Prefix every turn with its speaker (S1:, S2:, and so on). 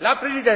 S1: La Presidenza